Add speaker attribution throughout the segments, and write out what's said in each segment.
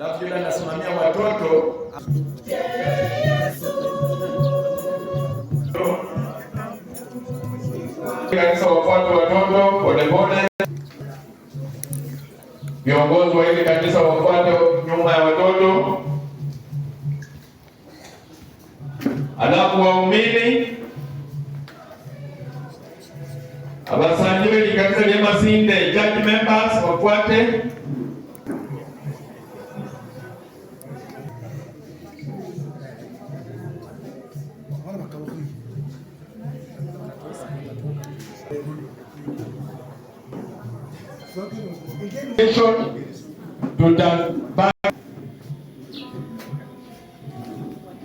Speaker 1: Alafu yule anasimamia watoto kanisa wafuate watoto polepole, viongozi wa ile kanisa wafuate nyuma ya watoto, alafu waumini abasangile likanisa lya masinde church members wafuate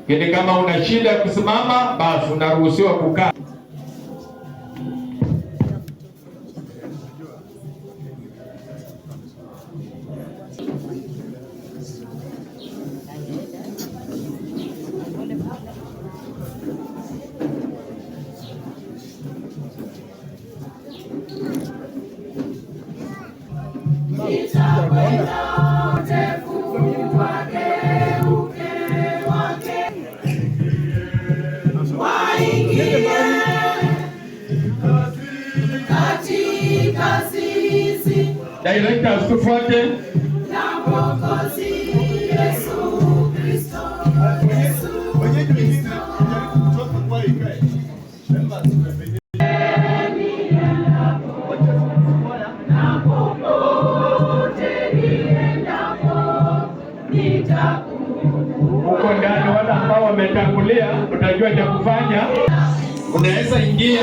Speaker 1: Kini kama una shida kusimama basi unaruhusiwa kukaa. Direkta askofu wake huko ndani, wale ambao wametangulia, utajua cha kufanya, unaweza ingia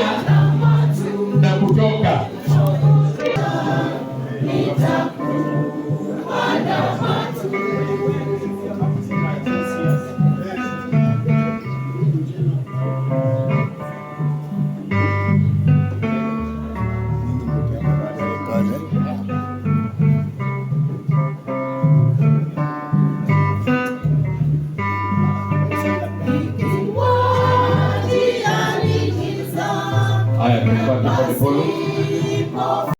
Speaker 2: আয়াতের পাঠে পড়ুন